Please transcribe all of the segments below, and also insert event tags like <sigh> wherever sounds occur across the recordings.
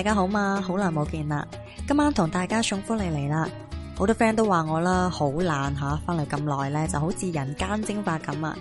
大家好嘛，好耐冇見啦！今晚同大家送福利嚟啦，好多 friend 都話我啦，好懶吓，翻嚟咁耐咧，就好似人間蒸發咁啊。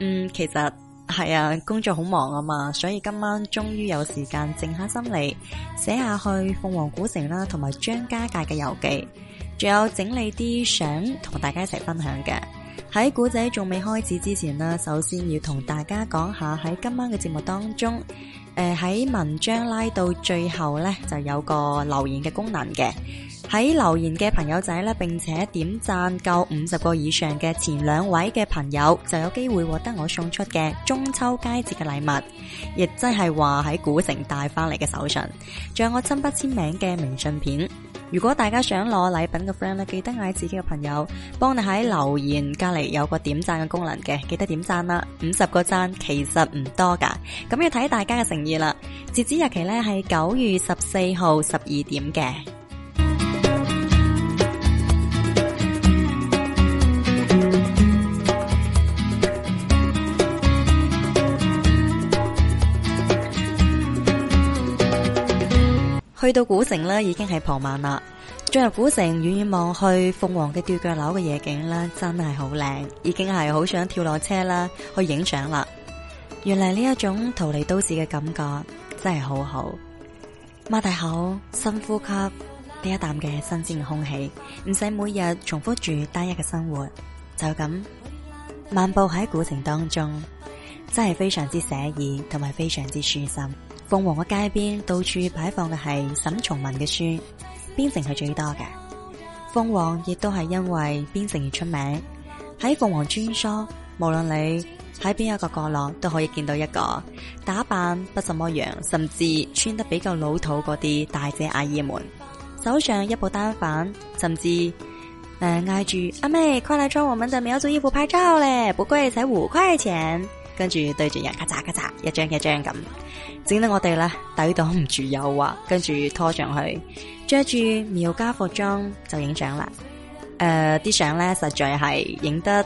嗯，其實係啊，工作好忙啊嘛，所以今晚終於有時間靜下心嚟寫下去鳳凰古城啦，同埋張家界嘅遊記，仲有整理啲相同大家一齊分享嘅。喺古仔仲未開始之前啦，首先要同大家講下，喺今晚嘅節目當中，誒、呃、喺文章拉到最後咧，就有個留言嘅功能嘅。喺留言嘅朋友仔咧，並且點讚夠五十個以上嘅前兩位嘅朋友就有機會獲得我送出嘅中秋佳節嘅禮物，亦即係話喺古城帶翻嚟嘅手信，仲有我親筆簽名嘅明信片。如果大家想攞禮品嘅 friend 咧，記得嗌自己嘅朋友幫你喺留言隔籬有個點讚嘅功能嘅，記得點讚啦，五十個讚其實唔多噶，咁要睇大家嘅誠意啦。截止日期呢，係九月十四號十二點嘅。去到古城咧，已經係傍晚啦。進入古城，遠遠望去鳳凰嘅吊腳樓嘅夜景咧，真係好靚，已經係好想跳落車啦，去影相啦。原嚟，呢一種逃離都市嘅感覺，真係好好。擘大口，深呼吸，呢一啖嘅新鮮空氣，唔使每日重複住單一嘅生活，就咁漫步喺古城當中，真係非常之寫意，同埋非常之舒心。鳳凰嘅街邊到處擺放嘅係沈從文嘅書，邊城係最多嘅。鳳凰亦都係因為邊城而出名。喺鳳凰穿梭，無論你喺邊一個角落都可以見到一個打扮不怎麼樣，甚至穿得比較老土嗰啲大姐阿姨們，手上一部單反，甚至誒嗌住阿妹，呃 e，快嚟裝我哋嘅苗族衣服拍照咧，不貴，才五塊錢。跟住對住人咔嚓咔嚓一張一張咁，整得我哋咧抵擋唔住誘惑，啊，跟住拖上去着住苗家服裝就影，呃、相啦。誒，啲相咧實在係影得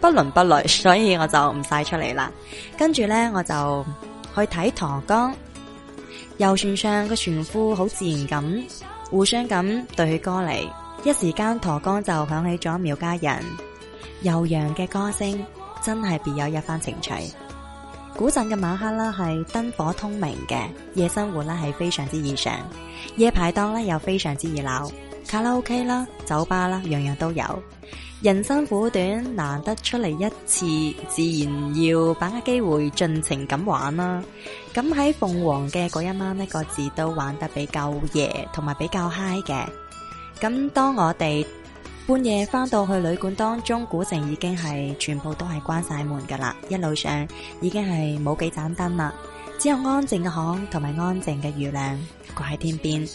不倫不類，所以我就唔晒出嚟啦。跟住咧，我就去睇駝江，遊船上個船夫好自然咁互相咁對歌嚟，一時間駝江就響起咗苗家人悠揚嘅歌聲。真係別有一番情趣。古鎮嘅晚黑啦係燈火通明嘅，夜生活啦係非常之異常，夜排檔呢，又非常之熱鬧，卡拉 OK 啦、酒吧啦，樣樣都有。人生苦短，難得出嚟一次，自然要把握機會，盡情咁玩啦。咁喺鳳凰嘅嗰一晚，呢個字都玩得比較夜，同埋比較嗨嘅。咁當我哋。半夜翻到去旅館當中，古城已經係全部都係關晒門噶啦。一路上已經係冇幾盞燈啦，只有安靜嘅巷同埋安靜嘅月亮掛喺天邊。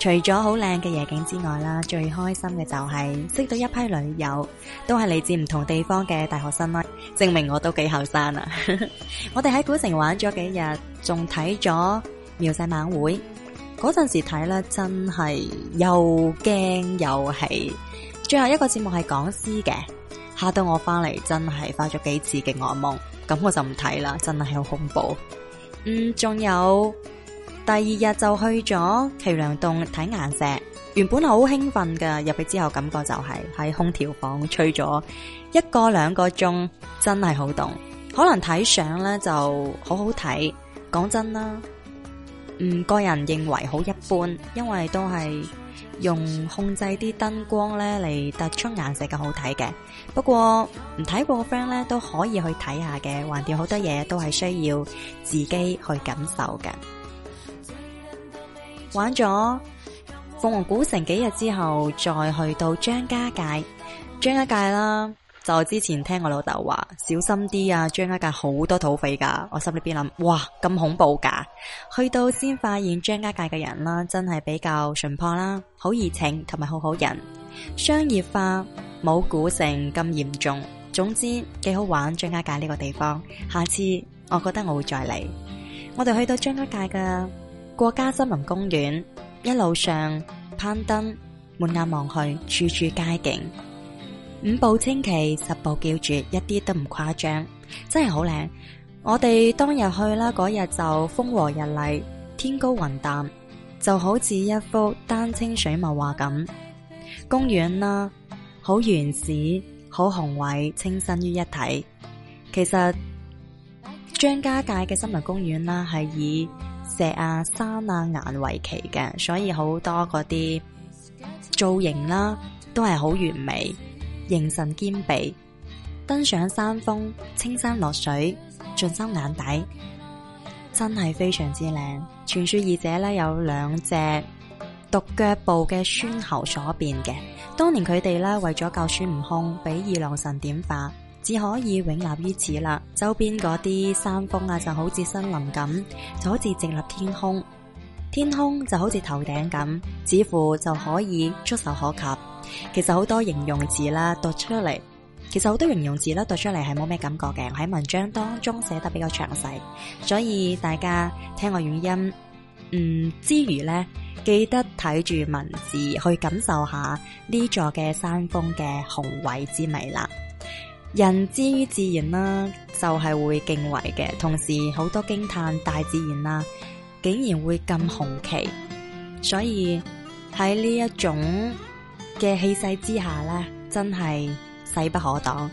除咗好靚嘅夜景之外啦，最開心嘅就係、是、識到一批旅遊，都係嚟自唔同地方嘅大學生啦。證明我都幾後生啊！ <laughs> 我哋喺古城玩咗幾日，仲睇咗苗寨晚會。嗰陣時睇咧，真係又驚又喜。最後一個節目係講詩嘅，嚇到我翻嚟，真係發咗幾次嘅惡夢，咁我就唔睇啦，真係好恐怖。嗯，仲有第二日就去咗奇梁洞睇岩石，原本好興奮噶，入去之後感覺就係喺空調房吹咗一個兩個鐘，真係好凍。可能睇相咧就好好睇，講真啦。嗯，個人認為好一般，因為都係用控制啲燈光咧嚟突出顏色嘅好睇嘅。不過唔睇過嘅 friend 咧都可以去睇下嘅，橫掂好多嘢都係需要自己去感受嘅。玩咗鳳凰古城幾日之後，再去到張家界，張家界啦。就之前聽我老豆話小心啲啊，張家界好多土匪噶，我心裏邊諗哇咁恐怖噶。去到先發現張家界嘅人啦，真係比較淳朴啦，好熱情同埋好好人，商業化冇古城咁嚴重，總之幾好玩。張家界呢個地方，下次我覺得我會再嚟。我哋去到張家界嘅國家森林公園，一路上攀登，滿眼望去處處佳景。五步清奇，十步叫絕，一啲都唔誇張，真係好靚。我哋當日去啦，嗰日就風和日麗，天高雲淡，就好似一幅丹青水墨畫咁。公園啦，好原始，好雄偉，清新於一體。其實張家界嘅森林公園啦，係以石啊、山啊、岩為奇嘅，所以好多嗰啲造型啦，都係好完美。形神兼備，登上山峰，青山綠水盡收眼底，真係非常之靚。傳說二者咧有兩隻獨腳部嘅孫猴所變嘅。當年佢哋咧為咗救孫悟空，俾二郎神點化，只可以永立於此啦。周邊嗰啲山峰啊，就好似森林咁，就好似直立天空。天空就好似頭頂咁，似乎就可以觸手可及。其實好多形容詞啦，讀出嚟，其實好多形容詞啦，讀出嚟係冇咩感覺嘅。喺文章當中寫得比較詳細，所以大家聽我語音，嗯之餘呢，記得睇住文字去感受下呢座嘅山峰嘅雄偉之美啦。人之於自然啦，就係、是、會敬畏嘅，同時好多驚嘆大自然啦。竟然會咁雄奇，所以喺呢一種嘅氣勢之下呢，真係勢不可擋。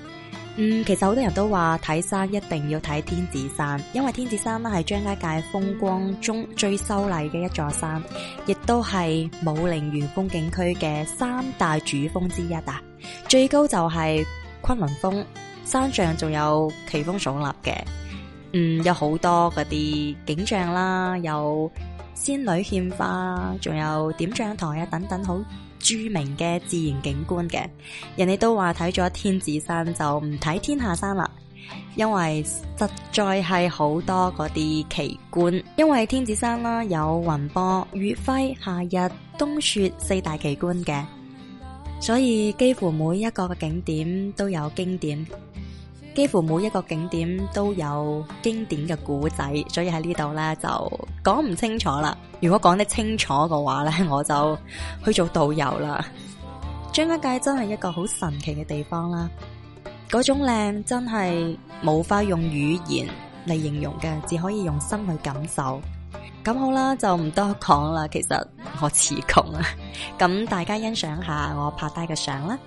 嗯，其實好多人都話睇山一定要睇天子山，因為天子山呢係張家界風光中最秀麗嘅一座山，亦都係武陵源風景區嘅三大主峰之一啊。最高就係崑崙峰，山上仲有奇峰聳立嘅。嗯，有好多嗰啲景象啦，有仙女獻花，仲有點將台啊，等等，好著名嘅自然景觀嘅。人哋都話睇咗天子山就唔睇天下山啦，因為實在係好多嗰啲奇觀。因為天子山啦有雲波、月輝、夏日、冬雪四大奇觀嘅，所以幾乎每一個嘅景點都有經典。幾乎每一個景點都有經典嘅古仔，所以喺呢度咧就講唔清楚啦。如果講得清楚嘅話咧，我就去做導遊啦。張家界真係一個好神奇嘅地方啦，嗰種靚真係冇法用語言嚟形容嘅，只可以用心去感受。咁好啦，就唔多講啦。其實我詞窮啦，咁 <laughs> 大家欣賞下我拍低嘅相啦。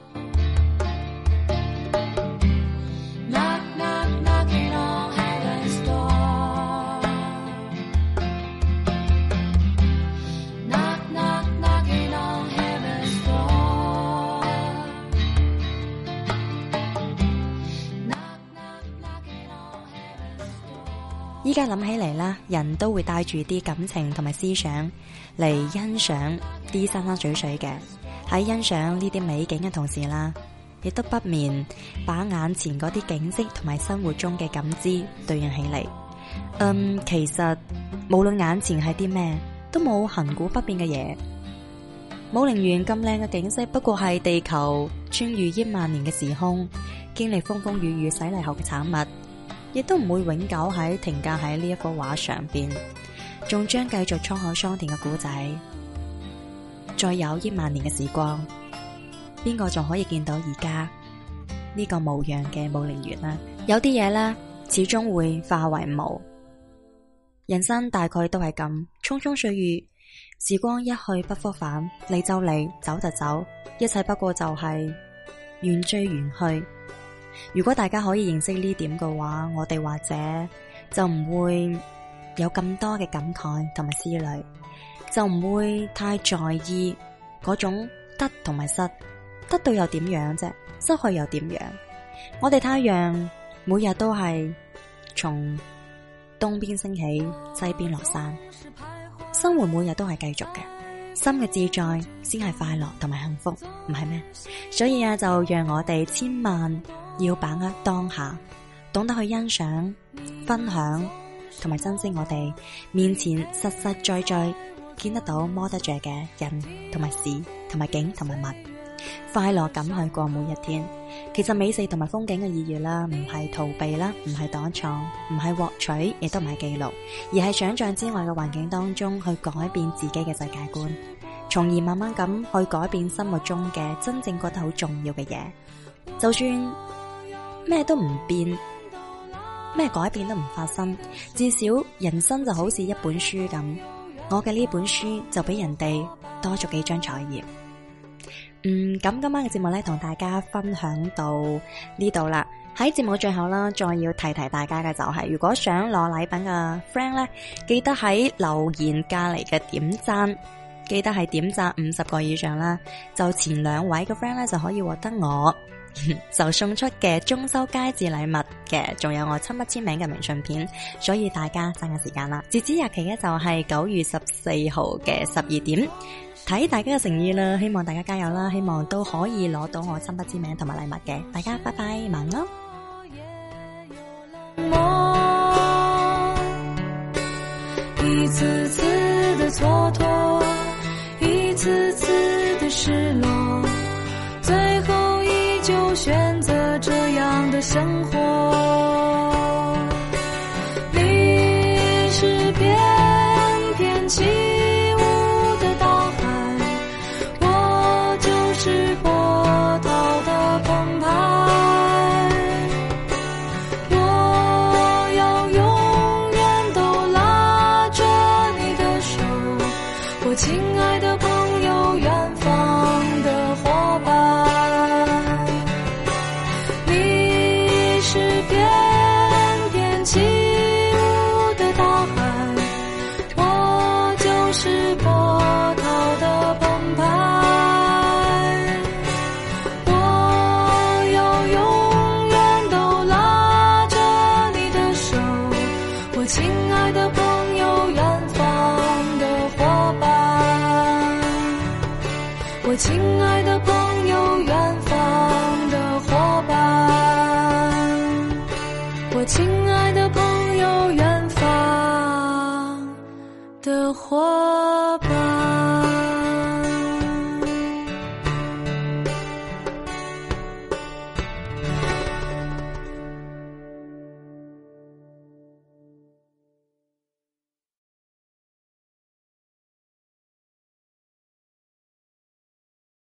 而家諗起嚟啦，人都會帶住啲感情同埋思想嚟欣賞啲山山水水嘅。喺欣賞呢啲美景嘅同時啦，亦都不免把眼前嗰啲景色同埋生活中嘅感知對應起嚟。嗯，其實無論眼前係啲咩，都冇亘古不變嘅嘢。武陵源咁靚嘅景色，不過係地球穿越億萬年嘅時空，經歷風風雨雨洗禮後嘅產物。亦都唔會永久喺停格喺呢一幅畫上邊，仲將繼續滄海桑田嘅故仔，再有億萬年嘅時光，邊個仲可以見到而家、這個、呢個模樣嘅武陵源啦？有啲嘢呢，始終會化為無。人生大概都係咁，匆匆歲月，時光一去不復返，你就你走就走，一切不過就係、是、緣聚緣去。如果大家可以認識呢點嘅話，我哋或者就唔會有咁多嘅感慨同埋思慮，就唔會太在意嗰種得同埋失，得到又點樣啫，失去又點樣？我哋太陽每日都係從東邊升起，西邊落山，生活每日都係繼續嘅，心嘅自在先係快樂同埋幸福，唔係咩？所以啊，就讓我哋千萬。要把握當下，懂得去欣賞、分享同埋珍惜我哋面前實實在在見得到、摸得着嘅人同埋事、同埋景同埋物，快樂咁去過每一天。其實美食同埋風景嘅意義啦，唔係逃避啦，唔係躲藏，唔係獲取，亦都唔係記錄，而係想象之外嘅環境當中去改變自己嘅世界觀，從而慢慢咁去改變心目中嘅真正覺得好重要嘅嘢。就算。咩都唔變，咩改變都唔發生，至少人生就好似一本書咁，我嘅呢本書就比人哋多咗幾張彩頁。嗯，咁今晚嘅節目咧，同大家分享到呢度啦。喺節目最後啦，再要提提大家嘅就係，如果想攞禮品嘅 friend 咧，記得喺留言隔籬嘅點讚，記得係點讚五十個以上啦，就前兩位嘅 friend 咧就可以獲得我。 <laughs> 就送出嘅中秋佳節禮物嘅，仲有我親筆簽名嘅明信片，所以大家爭下時間啦！截止日期呢，就係九月十四號嘅十二點，睇大家嘅誠意啦，希望大家加油啦，希望都可以攞到我親筆簽名同埋禮物嘅，大家拜拜，晚安咯！ <music> 生活。親愛的朋友，遠方的花。